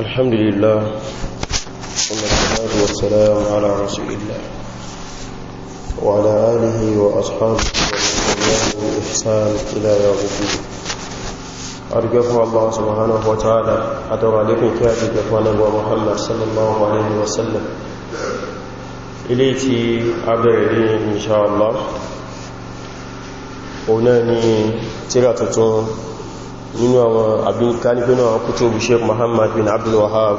الحمد لله والصلاة والسلام على رسول الله وعلى آله وأصحابه ومن بإحسان إلى يوم الدين أرجوكم الله سبحانه وتعالى أدعو عليكم كاتب إخوانا محمد صلى الله عليه وسلم إليتي أبرئين إن شاء الله هنا تيرا nínú àwọn abinkanipinu àwọn kutubu Sheikh Muhammad bin Abdul Wahab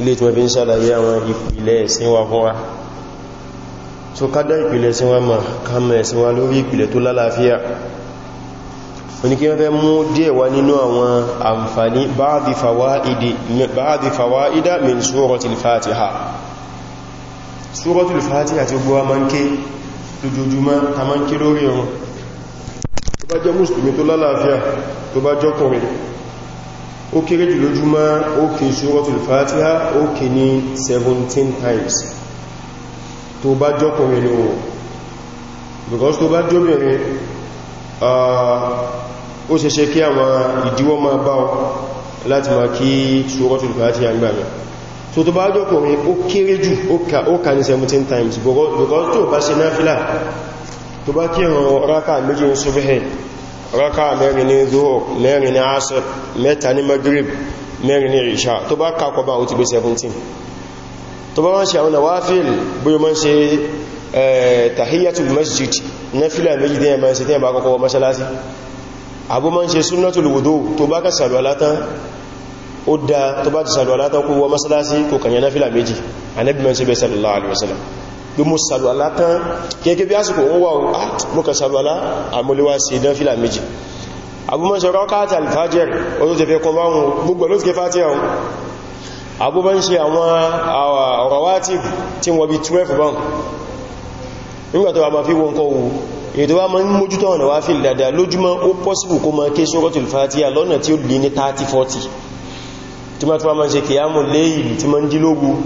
ilé tí wọ́n fi ń ṣàlàyé àwọn ìpìlẹ̀ ẹ̀sìn wa fún wa so kádá ìpìlẹ̀ ẹ̀sìn wa ma kàmà ẹ̀sìn wa lórí ìpìlẹ̀ tó lálàáfíà oníkí wọ́n fẹ́ mú díẹ̀ wá nínú àwọn àǹfàní báàdì fàwáìdá min suratul Fatiha suratul Fatiha tí gbọ́ ma ń ké lójoojúmọ́ ta ma ń ké tó lálàáfíà tó bá jọ́kùnrin ó kéré jù lójúmọ́ ó kì í Suratul Fatiha ó kì ní 17 times tó bá jọ́kùnrin ní ohun because tó bá jóbìnrin ó ṣe ṣe kí àwọn ìdíwọ́ máa bá ọ láti máa kí Suratul Fatiha gbàmì so tó bá jọ́kùnrin ó kéré jù ó kà ní 17 times because tó bá ṣe náfílà tó bá kí ẹ̀rọ rákà méjì ń súbẹ̀ẹ́ rákà mẹ́rin ní zuhur mẹ́rin ní asir mẹ́ta ní maghrib mẹ́rin ní isha tó bá kakọ bá ó ti gbé 17 tó bá wọ́n ṣe àwọn nawafil bí o mọ́ ṣe tahiyyatul masjid na fila méjì dẹ́yẹ mọ́ ṣe tẹ́yẹ bá kọ́kọ́ mọ́ṣálásí abu mọ́ ṣe sunnatul wudu wọ́ mọ́ṣálásí pé mo sàlùwàlá tán gẹ́gẹ́ bí àsìkò wọ́n wà mú kan sàlùwàlá àmúlẹ́wà sí ìdánfìlà méjì abúmọ́ṣe rọ́kàtà alfajir oó tẹ fẹ́ kọ bá wọn gbogbo ló tẹ fàtí àwọn abúmọ́ṣe àwọn rọwátì tí wọ́n bí 12 bọ́n nígbàtọ̀ wà máa fi wọn kọwọ́ èdè wá máa ń mójútó ọ̀nà wá fi dada lójúmọ́ ó pọ́sílù kó máa ké suratul Fatiha lọ́nà tí ó lè ní 30-40 tí máa tí máa ń ṣe kìyàmù léyìn tí máa ń dílógún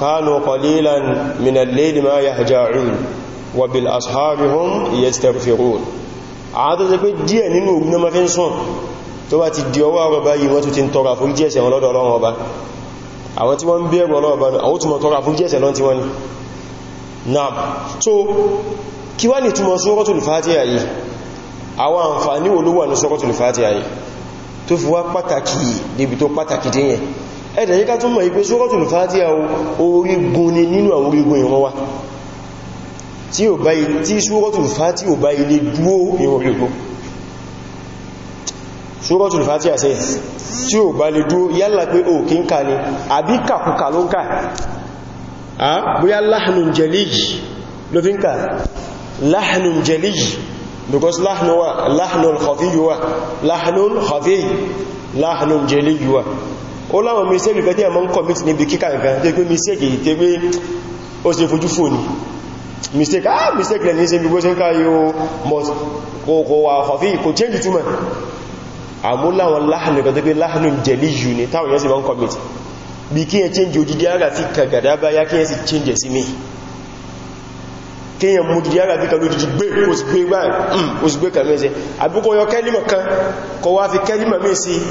كانوا قليلا من الليل ما يهجعون وبالأسحار هم يستغفرون àádọ́ ṣe pé díẹ̀ nínú ogun náà fi ń sùn tó bá ti di ọwọ́ ọ̀rọ̀ báyìí wọ́n tún ti ń tọrọ fún jẹ́ẹ̀sẹ̀ wọn lọ́dọ̀ ọlọ́run ọba àwọn tí wọ́n ń bẹ̀rù ọlọ́run ọba àwọn tí wọ́n tọrọ fún ẹ̀dẹ̀ yíká tún mọ̀ ìpé Suratul Fatiha orígun ni nínú àwọn orígun ìran wa tí ó bá tí Suratul Fatiha ò bá ilé dúó ìran orígun Suratul Fatiha àṣẹ tí ó bá lè dúó yálà pé o kí ń ka ni àbí kàkùkà ló ń kà bóyá láhànùn jẹlíyì ló fi ń kà láhànùn jẹlíyì because láhànùn wà láhànùn khafiyyù wà láhànùn khafiyyù láhànùn jẹlíyì wà ó láwọn mistake kan tí ẹmọ́ ń commit níbi kíkà nǹkan tí pé mistake èyí tí pé ó ṣe fojú fò ní ah mistake lẹ́ni ṣe gbogbo ṣe ń káyí o but kò wà ọ̀fí kò change túmọ̀ àmúláwọn láhànù kan tó pé láhànù jẹ̀lì yù ní táwọn yẹn sì wọ́n commit bí kí yẹn change òdìdí ara fi kàgàdá bá yá kí yẹn sì change sí mi kí yẹn mú dìdí ara fi kàlú dìdí gbé kò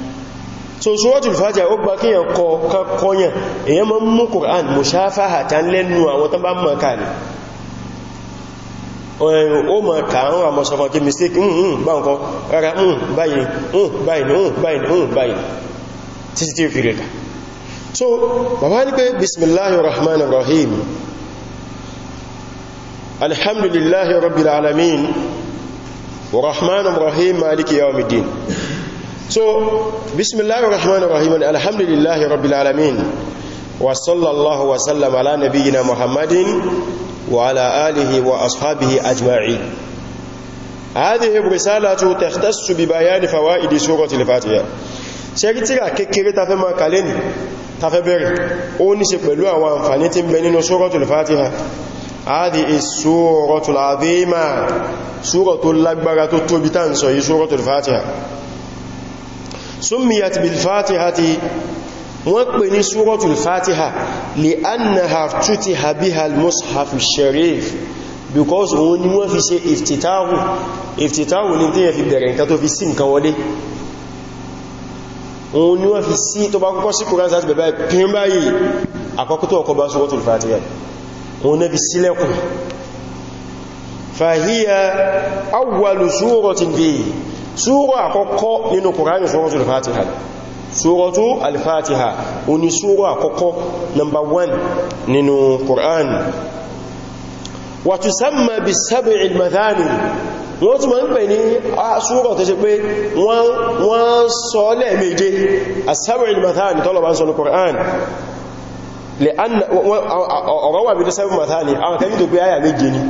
so suratul fatiha ó gba kíyàn kọ kọyàn èyàn mọ́ mú Qur'an mushafahatan lẹ́nu àwọn tán bá mọ̀ ká ní ó mọ̀ ká àwọn àmọ́sọ̀kan kí mistake hùn hmm, hmm, bá nǹkan rárá hùn hmm, báyìí hùn báyìí hùn báyìí hùn báyìí títí tí ó fi rẹ̀ ká so so bismillahir rahmanir rahim alhamdulillahi rabbil alamin wa sallallahu wa sallam ala nabiyyina muhammadin wa ala alihi wa ashabihi ajma'in هذه الرسالة تختص ببيان فوائد سورة الفاتحة ṣẹ́rí tíra kékeré tafẹ́ máa kàlẹ́ ní tafẹ́ bẹ̀rẹ̀ ó ní ṣe pẹ̀lú àwọn àǹfàní tí ń bẹ nínú suratul Fatiha áàdì suratul azima sura tó lágbára tó tóbi tàn sọ yí suratul Fatiha sumiyat bil fatihati wọ́n pè ní suratul fatiha li annaha tutiha biha al mushaf sharif because òun ni wọ́n fi ṣe iftitahu iftitahu ní tí yẹn fi bẹ̀rẹ̀ nǹkan tó fi sí nǹkan wọlé òun ni wọ́n fi sí tó bá kọ́kọ́ sí kòrán sáti bẹ̀bá ìpín báyìí àkọ́kọ́ tó ọkọ̀ bá suratul fatiha òun náà fi sílẹ̀kùn fahiya awwalu suratin bihi súrọ̀ àkọ́kọ́ nínú kùránì súrọ̀tù al-fatiha súrọ̀tù al-fatiha o ni súrọ̀ àkọ́kọ́ number one nínú kùránì wa tusamma bí sab'i al-madhani wọ́n tún máa ń pè ní súrọ̀ tó ṣe pé wọ́n sọ lẹ́ẹ̀méje as-sab'i al àwọn kẹ́mí tó gbé áyà méje ni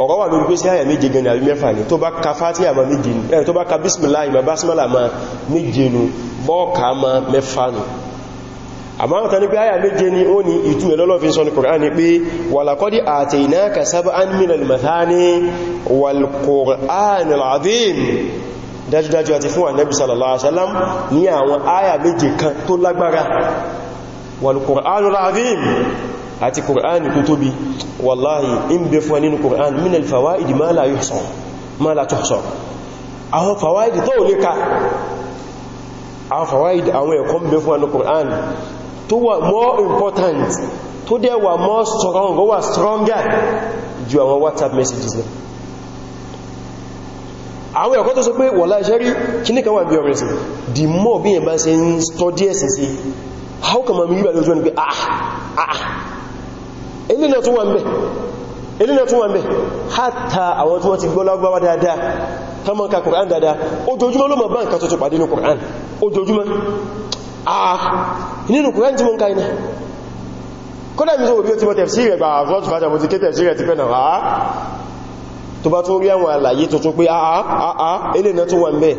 ọ̀rọ̀ wà lórí pé sí àyà méje gan àrí mẹ́fà ní tó bá ka fátíà ma méje ní ẹ̀ tó bá ka bísmìlá ìmọ̀ básmìlá ma méje nù bọ́ọ̀ká ma mẹ́fà nù àmáwọn ta ní pé àyà méje ní ó ní ìtú ẹlọ́lọ́fin sọ ní Qur'an ni pé walaqad ataynaka sab'an minal mathani wal Qur'anil azim dájúdájú àti fún àti kùránì tó tóbi wàláhì in bẹ fún nínú kùránì min alfawaidi ma la yuhsa ma la tuhsa àwọn fawaidi tó lè ka àwọn fawaidi àwọn ẹ̀kọ́ bẹ fún nínú kùránì tó wà more important tó dẹ̀ wà more strong ó wà stronger ju àwọn whatsapp messages lọ àwọn ẹ̀kọ́ tó sọ pé wọ̀lá iṣẹ́ rí kíní kan bí ọmọ ẹ̀sìn the more bí yẹn bá ṣe ń study sí how come i'm you by the way ah ah eléna tún wà ń bẹ̀ eléna tún wà ń bẹ̀ hátà àwọn tí wọ́n ti gbọ́ Lárúbáwá dáadáa tánmọ́ ka Kùránì dáadáa ojoojúmọ́ ló mọ̀ bá nǹkan tuntun pàdé ní Kùránì ojoojúmọ́ àà ah, nínú Kùránì tí mo ń ka iná kódà mi sọ bí ó ti mọ̀ tẹ̀fsí rẹ̀ gbà àwọn tó fàájà mo ti ké tẹ̀fsí rẹ̀ ti pẹ́ náà àá ah, tó bá tún rí àwọn àlàyé tuntun pé àá àá eléna tún wà ń bẹ̀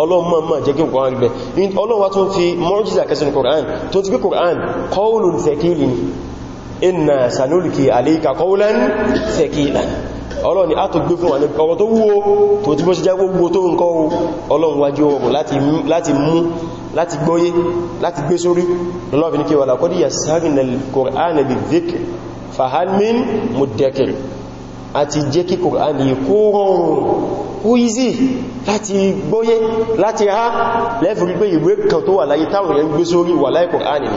Ọlọ́run mọ̀ mọ̀ jẹ́ kí nǹkan Ọlọ́run wá tún fi mọ́jísà kẹsìn Kùránì tó ti pé Kùránì kọ́ọ̀lù fẹ̀kílì ni inna sanulki alayka qawlan thaqilan ọlọ́run ni a tó gbé fún wa ní ọ̀rọ̀ tó wúwo tó tí bó ṣe já gbogbo tó ń kọ́ ọlọ́run wájú ọgbọ̀n láti mú láti gbọ́yé láti gbé sórí lọ́lọ́bìn ní kí wà laqad yassarna al ni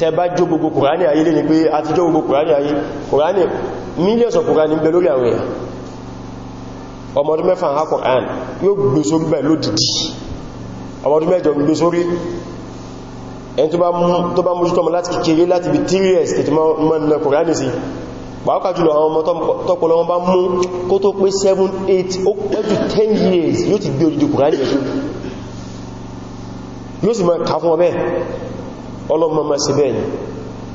tẹba jó gbogbo kùránì ayé lè ní pé a ti jó gbogbo kùránì ayé kùránì millions of kùránì ń bẹ lórí àwọn èèyàn ọmọdún mẹ́fà ha kùránì yóò gbé sórí bẹ̀ lódìdí ọmọdún mẹ́jọ gbé sórí ẹni tó bá mójútó ọmọ láti kékeré láti bí 3 years tètè mọ́ ní kùránì sí pàápàá jùlọ àwọn ọmọ tọ́pọ̀lọ wọn bá mú kó tó pé 7 8 ó years yóò ti gbé odidi kùránì ẹ̀ṣù yóò sì mọ́ ká fún ọmọ ẹ̀ ọlọ́mọ ma ṣe bẹ́ẹ̀ ni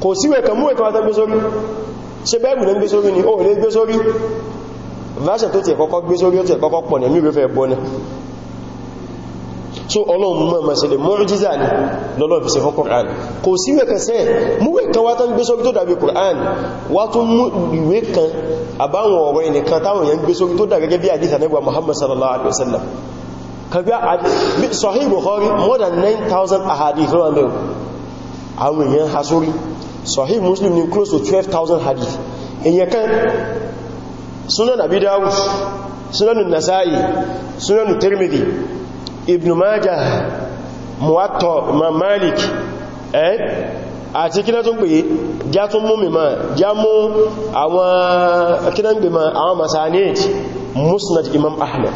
kò síwẹ̀ kan mú ẹ̀kan gbé sórí ṣe bẹ́ẹ̀bù ní gbé sórí ni ó lè sórí version tó ti ẹ̀kọ́kọ́ gbé sórí ó ti ẹ̀kọ́kọ́ pọ̀ so ọlọ́run mọ́ ma ṣe lè mọ́rìjíza ní lọ́lọ́ fi ṣe fún Kùránì kò síwẹ̀ kan sẹ́ múwẹ̀ kan wá tán gbé sórí tó dàbí Kùránì wá tún mú ìwé Muhammad sallallahu alaihi wasallam kagbá sahih Bukhari more than 9,000 ahadith lọ́wọ́ mẹ́rin àwọn èèyàn ha sórí Sahih Muslim ní close to 12,000 hadith èèyàn kan Sunan Abi Dawud Sunan Nasa'i Sunan Tirmidhi Ibn Majah Muwatta Imam Malik eh àti kí náà tún pè já tún mú mímọ̀ já mú àwọn kí náà ń gbèmọ̀ àwọn masanid Musnad Imam Ahmad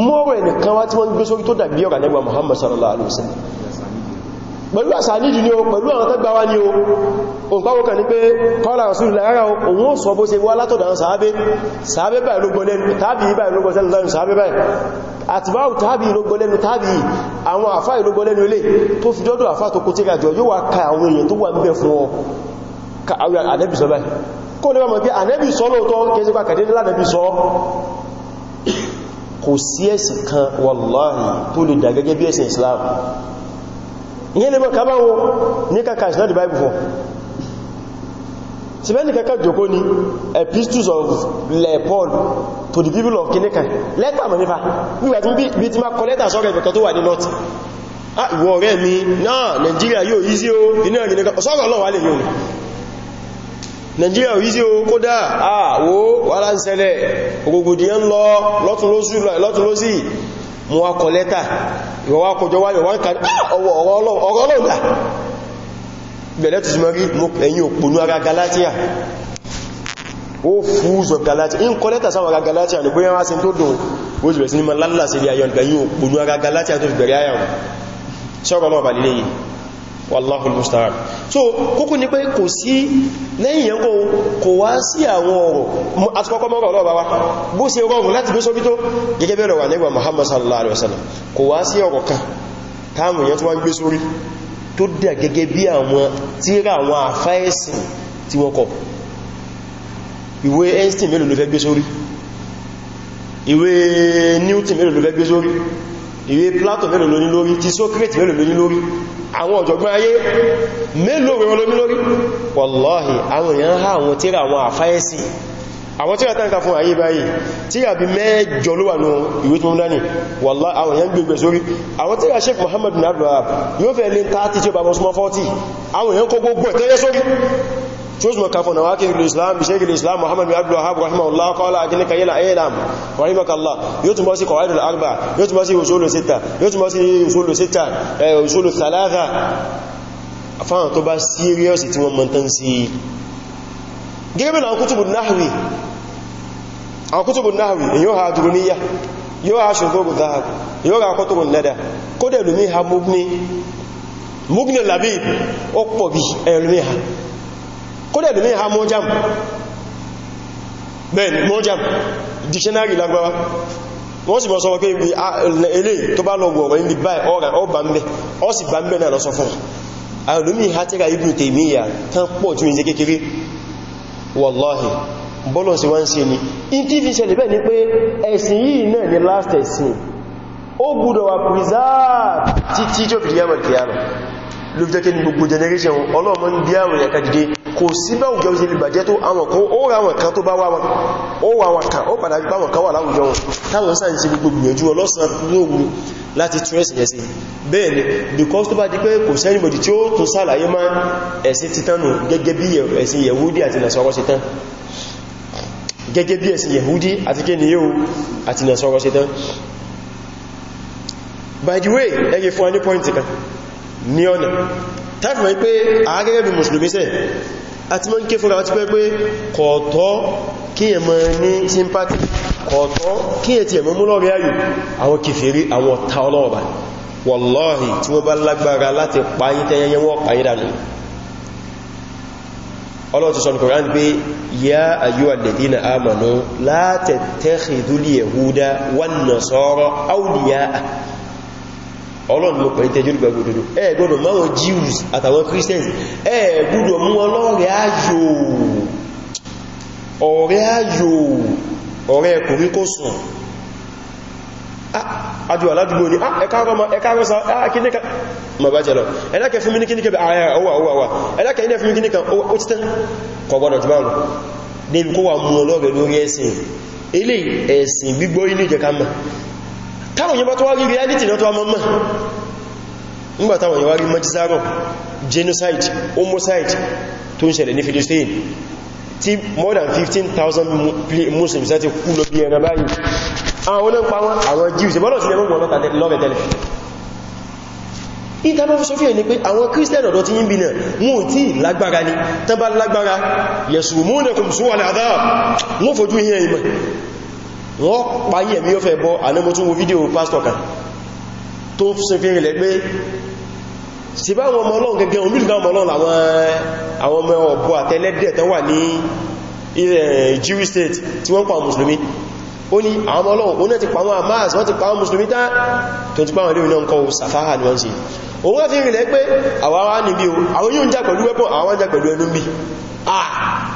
mọ́rọ̀ ẹnìkan wá tí wọ́n gbé sórí tó dàbí ọ̀rọ̀ nígbà Muhammad sallallahu alaihi wasallam pẹ̀lú àsàníjì ni o pẹ̀lú àwọn tẹ́gbà wá ní o o n pàwọ́ kan ní pé kọ́lá rasul lára òun ó sọ bó ṣe wá látọ̀dọ̀ àwọn sàábé sàábé báyìí ló gbọ́lẹ́nu tàbí báyìí ló gbọ́lẹ́nu lọ́rin sàábé báyìí àtìbáwù tàbí ló gbọ́lẹ́nu tàbí àwọn àfá ìlú gbọ́lẹ́nu ilé tó fi dọ́dọ̀ àfá tó kó tí gàjọ yóò wá ka àwọn èèyàn tó wà ń bẹ fún ọ ka àwọn ànẹ́bì sọ báyìí kó lè wọ́n mọ̀ pé ànẹ́bì sọ kò sí ẹ̀sìn kan wàláhì tó lè dà gẹ́gẹ́ bí ẹ̀sìn Islam ìyẹn lè mọ́ ká báwo ní kàkà is not the Bible for ti bẹ́ni kẹ́kẹ́ jòkó ni epistles of le Paul to the people of kìníkà lẹ́tà mọ̀ nípa nígbàtí bí ti máa kọ lẹ́tà sọ́rọ̀ ìbẹ̀kọ́ tó wà ní north ah ìwọ̀ ọ̀rẹ́ mi náà Nàìjíríà yóò yí sí ó iná ìrìnlẹ́kọ́ sọ́rọ̀ ọlọ́wà lè yóò Nigeria ò yí sí o kódà àwò wàhálà ń ṣẹlẹ̀ ògbògbòdìyàn lọ lọ́tún lósì mú wa kọ lẹ́tà ìwọ̀wà kọjọ wáyọ̀ wọ́n kàrí ah, ọwọ́ ọlọ́ọ̀lá bẹ̀rẹ̀ tó súnmọ́ rí ẹ̀yìn òpònú ara Galatia ó fúúzọ̀ Galatia in kọ lẹ́tà sáwọn ara Galatia ní bóyá wá sí tó dùn ó jù bẹ̀ sí ní ma lálàsí ilé ayọ̀ ẹ̀yìn òpònú ara Galatia tó fi bẹ̀rẹ̀ ayọ̀ sọ́rọ̀ náà bà lílé yìí wallahul musta'an so kókó ní pé kò sí lẹ́yìn yẹn kò wá sí àwọn ọ̀rọ̀ àtikọ́kọ́ mọ́rọ̀ ọ̀rọ̀ bàbá bó ṣe rọrùn láti bí sóbító gẹ́gẹ́ bẹ̀rẹ̀ wà nígbà Muhammad sallallahu alaihi wasallam kò wá sí ọ̀rọ̀ kan táàmù yẹn tó wá ń gbé sórí tó dẹ̀ gẹ́gẹ́ bí àwọn tíra àwọn àfáẹ́sìn tí wọ́n kọ ìwé Einstein mélòó ló fẹ́ gbé sórí ìwé Newton mélòó ló fẹ́ gbé sórí ìwé Plato mélòó ló ní lórí ti Socrates mélòó ló ní lórí àwọn ọ̀jọ̀gbọ́n ayé mélòó rẹ̀ olómi lórí wallahi àwọn èèyàn ha àwọn tíra àwọn àfáyẹ́sì àwọn tíra tánká fún ayé báyìí tíra bí mẹ́jọ ló wà ní ìwé tó ń dání wallahi àwọn èèyàn gbogbo sórí àwọn tíra Sheikh Muhammad bin Abdul Wahab yóò fẹ́ lé 30 tí ó sórí شوزما كفونا واكي الإسلام بشيخ الإسلام محمد بن عبد الوهاب رحمه الله قال أكنك يلا أيلام رحمك الله يتم واسي قواعد الأربع يتم واسي وصول ستة يتم واسي وصول ستة وصول الثلاثة fáwọn tó bá síríọ́sì tí wọ́n mọ̀ntán sí gẹ́gẹ́bẹ̀ àwọn kútùbù náhàwì àwọn kútùbù náhàwì yóò ha dúró níyà yóò ha ṣùgbọ́gbù dáhàbù yóò ra kọ́tùbù nẹ́dà kódẹ̀ lómi ha múgní múgní labib ó pọ̀ bí ẹ̀lómi ha kódẹ̀ lómi ha mọ́jàm ben mọ́jàm dictionary lágbára wọ́n sì mọ́ sọ pé ibi ah, ilé tó bá lọ gbọ̀rọ̀ ibi báyìí ọ̀rà bá ọ náà lọ sọ fún ha tán pọ̀ kékeré wallahi bọ́lọ̀ sí wá ń se ni in tí fi ṣẹlẹ̀ bẹ́ẹ̀ ni pé ẹ̀sìn yìí náà ni last ẹ̀sìn ó gbọ́dọ̀ wà preserve títí tó fi ló fi jẹ́ kí ní gbogbo generation ọlọ́mọ ń bí ẹ̀ka dìde kò sí bá òjò sí lè tó àwọn kan ó ra àwọn kan tó bá wá wọn ó wà wọn kan ó padà bá wọn kan wà láwùjọ wọn táwọn sáà ń ṣe gbogbo gbìyànjú ọlọ́sàn because tó bá di pé kò sẹ́nìbọ̀dì tí ó by the way ẹgbẹ̀ fún a pọ́ìntì kan ní ọ̀nà tàbí pé àgẹ́gẹ́ bí mùsùlùmí sẹ́ àti mọ́ ń ké fúnra ti pẹ́ pé kọ̀ọ̀tọ́ kíyàn mọ́ ní sympathy kọ̀ọ̀tọ́ kíyàn ti ẹ̀mọ́ múlọ́rí ayò àwọn kìfèrí àwọn ọ̀tá ọlọ́ọ̀bà wọ̀lọ́ọ̀hì tí wọ́n bá lágbára láti pààyí tẹ́yẹyẹ wọ́n ọlọ́run ló pẹ̀lú tẹjú ìgbàgbò òdòdó ẹ gbọ́dọ̀ máwọn Jews àtàwọn Christians ẹ gbọ́dọ̀ mú ọlọ́rẹ̀ ayò ọ̀rẹ́ ayò ọ̀rẹ́ ẹkùnrin kò sùn àjò ah, aládùgbò ní ah, ẹkàrọsá kíníkà ma ah, bá jẹlọ ẹlẹ́kẹ̀ fún mi ní kíníkà ààrẹ ọwà ọwà ọwà ẹlẹ́kẹ̀ ilẹ̀ fún mi kíníkà ó títẹ́ kọ̀gbọ́dọ̀ jù márùn débi kó wà mú ọlọ́rẹ̀ lórí ẹ̀sìn ilé ẹ̀sìn gbígbọ́ ilé ìjẹka mẹ́ táwọn yẹn bá tó wá rí reality náà tó wá mọ́mọ́ nígbà táwọn yẹn wá rí majisaro genocide homicide tó ń ṣẹlẹ̀ ní Philistine tí more than 15,000 Muslims láti kú lọ bí ẹran báyìí àwọn onípa wọn àwọn Jews ìbọ́lọ̀ sí ẹgbọ́n lọ́ta lọ́bẹ̀ tẹ́lẹ̀ ìtàbá fún sọfíà ní pé àwọn Christian ọ̀dọ́ ti yín bí náà mú tí lágbára ní tán bá lágbára yẹ̀sùn múnẹ̀kùn sówà láàdá wọ́n fojú ihe ìmọ̀ wọ́n parí ẹ̀mí yóò fẹ́ bọ́ anẹ́mọ́tún fídíò pásítọ̀ kan tó ṣe fi rìnlẹ̀ pé sí bá àwọn ọmọ ọlọ́run gẹ́gẹ́ omílùú àwọn ọlọ́run àwọn ọmọ ọ̀bọ̀ àtẹ́lẹ́dẹ̀ tó wà ní eh, Jewish state tí wọ́n pa mùsùlùmí ó ní àwọn ọlọ́run ó náà ti pa àwọn amáàs wọ́n ti pa àwọn mùsùlùmí tá tó ti pa àwọn olóòrùn náà kọ́ sàfáhà ní wọ́n sí òun wá fi rìnlẹ̀ pé àwọn ará níbi àwọn yóò ń jà pẹ̀lú wẹ́pọ̀ àwọn jà pẹ̀lú ẹnu bí ah!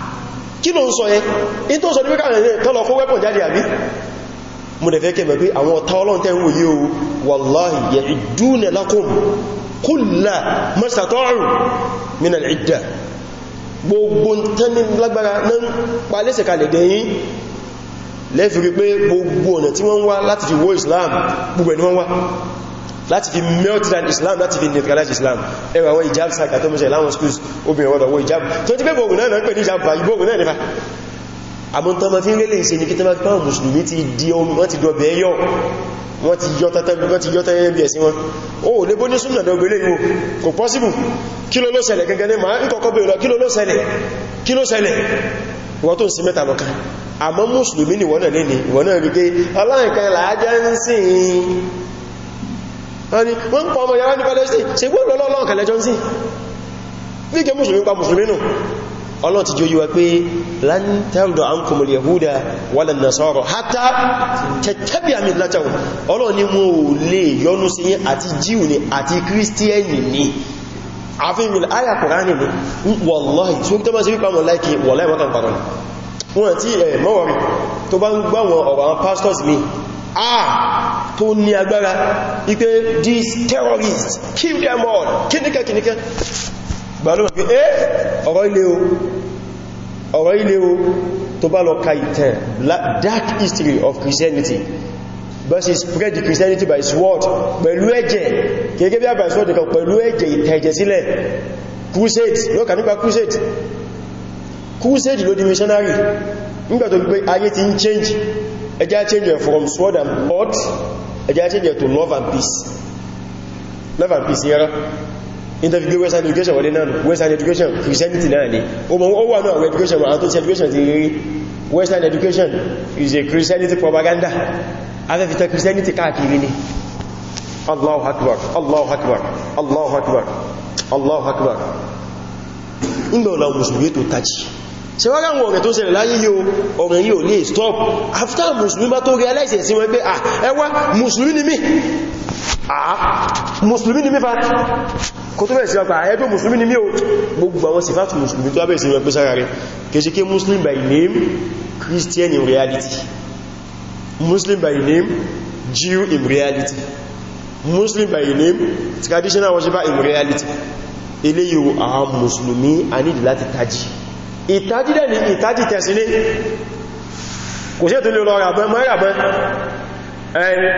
kí ló ń sọ yẹn in tó sọ ní wíkà rẹ̀ tọ́lọ kó wẹ́pọ̀ jáde àbí mo dẹ̀ fẹ́ kẹ́ mẹ́ pé àwọn ọ̀tá Ọlọ́run tẹ́ ń wòye o wallahi ya'iduna lakum kulla mastata'u min láti fi melt down islam láti fi neutralize islam ẹwà àwọn ìjáàbù sáàkà tó mọ́ṣẹ̀ láwọn schools obìnrin wọ́dọ̀ wọ́n ìjáàbù tó ti pẹ́bọ̀ òun náà ń pè ní ìjáàbù ìbòògùn náà nípa àmọ́ tó ma fi ń rẹ́lẹ̀ ìṣẹ́ ní kí tó má pàwọn mùsùlùmí ti di omi wọ́n ti dọ̀bẹ̀ yọ wọ́n ti yọ tẹ́tẹ́ bí ẹ̀sìn wọn ó lè bó ní súnmọ̀ dọ̀gbẹ̀ lè yíò kò pọ́síbù kí ló ló ṣẹlẹ̀ gẹ́gẹ́ ní ma ń kọ́kọ́ bèèrè kí ló ló ṣẹlẹ̀ kí ló ṣẹlẹ̀ wọ́n tó ń sí mẹ́ta lọ́kan àmọ́ mùsùlùmí ni wọ́n náà lè ní ìwọ̀n náà rí pé aláìkan làájá ń sìn wọ́n pọ̀ ọmọ yàrá ní palestine ṣe gbọ́nà ọlọ́run kẹlẹ́jọ́ sí bí kẹ mùsùlùmí pa mùsùlùmí nù ọlọ́run ti jóyíwa pé lan tarda ankumul yahuda wala nasara hatta tẹ̀tẹ̀bí àmì látàwọ̀ ọlọ́run ni mo lè yọ́nú sí yín àti jíù ni àti kírísítíẹ́nì ni àfihàn àyà kùránì ni wallahi tí ó tẹ́ bá sí wípa mọ̀ láìkí wallahi wọ́n kan pàtàkì wọ́n tí ẹ̀ mọ́wàrí tó bá ń gbáwọn ọ̀rọ̀ àwọn pastors mi ah tó ní agbára ipé these terrorists kill them all kíníkẹ́ kíníkẹ́ gbàlọ́mà pé eh ọ̀rọ̀ ilé o ọ̀rọ̀ ilé o tó bá lọ ka ìtàn dark history of Christianity versus spread the Christianity by sword pẹ̀lú ẹ̀jẹ̀ gẹ́gẹ́ bí àbà sword nìkan pẹ̀lú ẹ̀jẹ̀ ìtẹ̀jẹ̀ sílẹ̀ crusade ló kà nípa crusade crusade ló di missionary nígbà tó gbé ayé ti ń change ẹjá change from sword and board ẹjá change to love and peace love and peace yẹra nítorí West western education wọlé náà western education christianity náà ni o mọ̀ ó wà náà wọ education àwọn tó education ti rí western education is a christianity propaganda afẹ́fẹ́ta christianity káàkiri ni allahu akbar allahu akbar allahu akbar allahu akbar ń lọ́la musulmi tó tají ṣe wá ráwọn ọ̀rẹ̀ tó ṣẹlẹ̀ láyé yíò ọ̀rẹ̀ yíò ní stop after musulmi bá tó realize ẹ̀sìn wọn pé ah ẹwà musulmi ni mí ah musulmi ni mí fa kò tó bẹ̀rẹ̀ sí ọkà ẹgbẹ́ musulmi ni mí o gbogbo àwọn sífàtù musulmi tó bẹ̀rẹ̀ sí wọn pé sára rẹ̀ kèṣe christian in reality muslim by name jew in reality muslim by name traditional worshiper in reality eléyìí àwọn musulmi a nílì láti tají ìtají dẹ̀ ni ìtají tẹ̀sílé kò sí ètò lè lọ ràbẹ́ mẹ́ràbẹ́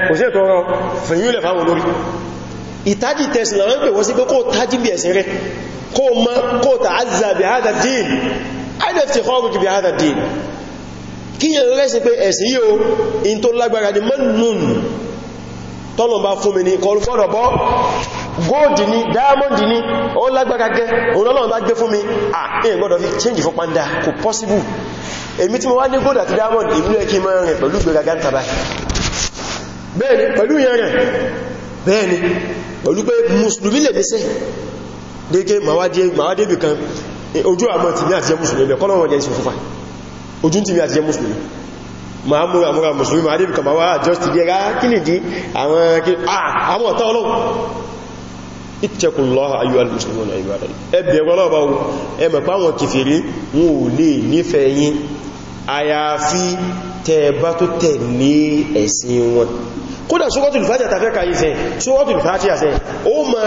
kò sí ètò ọ̀rọ̀ fẹ̀yìnlẹ̀ fáwọn olórí ìtají tẹ̀sílẹ̀ wọ́n pè wọ́n sí pé kó tají bí ẹ̀sìn rẹ̀ kó mọ́ kó tààzà bí góòdì ní dáyàmọ́ndì ní ó lágbára gẹ́ òun lọ́lọ́run bá gbé fún mi à èyàn gbọ́dọ̀ fi change fún panda kò possible èmi tí mo wá ní góòdì àti diamond ìlú ẹkí mọ́ rẹ̀ pẹ̀lú gbẹ̀rẹ̀gá tàbá bẹ́ẹ̀ni pẹ̀lú yẹn rẹ̀ bẹ́ẹ̀ni pẹ̀lú pé mùsùlùmí lè ní sẹ́ déké màwádébì kan ojú àmọ́ ti ní àtijẹ́ mùsùlùmí bẹ̀ kọ́lọ̀wọ̀n jẹ́ ìsìn fúnfà ojú ti ní àtijẹ́ mùsùlùmí ma múra múra mùsùlùmí màwádébì kan bá wá àjọ́ ti dẹ́ra kí nìdí àwọn ọ̀tọ́ ọlọ́run ìtẹ́kùnlọ́ha ayyúwà al-muslimun na ìbára ẹbẹ̀ ọlọ́ọ̀bá ẹmẹ̀ pàwọn kìfèrí wọn ò lè nífẹ̀ẹ́ yín àyàfi tẹ́ẹ̀bá tó tẹ̀lé ẹ̀sìn wọn kódà suratul Fatiha tàfẹ́ kàyí sẹ́ suratul Fatiha sẹ́ ó ma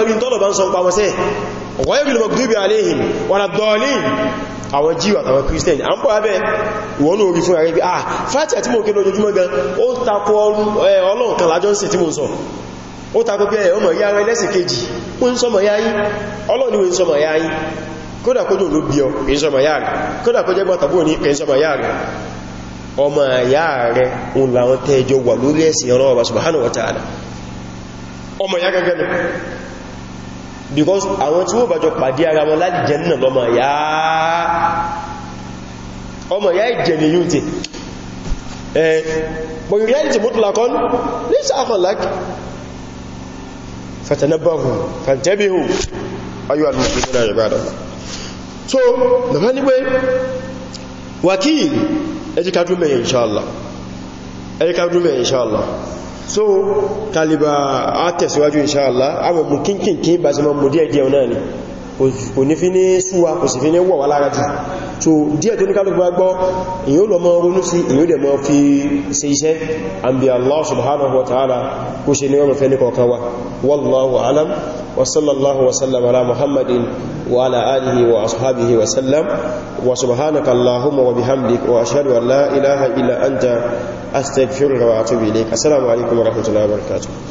pé ẹ̀ ọmọ ìyá rẹ̀ lẹ́sìn kejì wọ́n ń sọmọ̀ yáyí ọlọ́ni wọ́n ń sọmọ̀ yáyí kódà kójò ló bí ọ èyí sọmọ̀ yá rẹ̀ kódà kó ọmọ yá rẹ̀ òun làwọn tẹ́ẹjọ wà lórí ẹ̀sìn ọlọ́wọ́ subhanahu wa ta'ala ọmọ yá gẹ́gẹ́ ni because àwọn tí wọ́n bàjọ pàdé ara wọn láti jẹ náà lọ́mọ yá ọmọ yá ìjẹ ni yóò tẹ ẹ̀ but in fatanabahu fantabihu ayyuha al-muslimuna ibadallah so bàbá ní pé wakil so kaliba a tẹ̀síwájú inṣáàlá àwọn mú kínkínkín bá sí mọ́ mú díẹ̀díẹ̀ náà ni kò ní fi ní súwa kò sì fi ní wọ̀wà lára jù so díẹ̀ tó ní kálùkù bá gbọ́ èyí ó lọ mọ́ ronú sí èyí ó dẹ̀ mọ́ fi ṣe iṣẹ́ àbí Allah subhanahu wa ta'ala kó ṣe ní ọmọ fẹ́ni kọ̀ọ̀kan wa wallahu alam wa sallallahu wa sallam ala muhammadin wa ala alihi wa ashabihi wa sallam wa subhanaka allahumma wa bihamdik wa ashhadu an la ilaha illa anta astaghfiruka wa atubu ilayk assalamu alaikum wa rahmatullahi wa barakatuh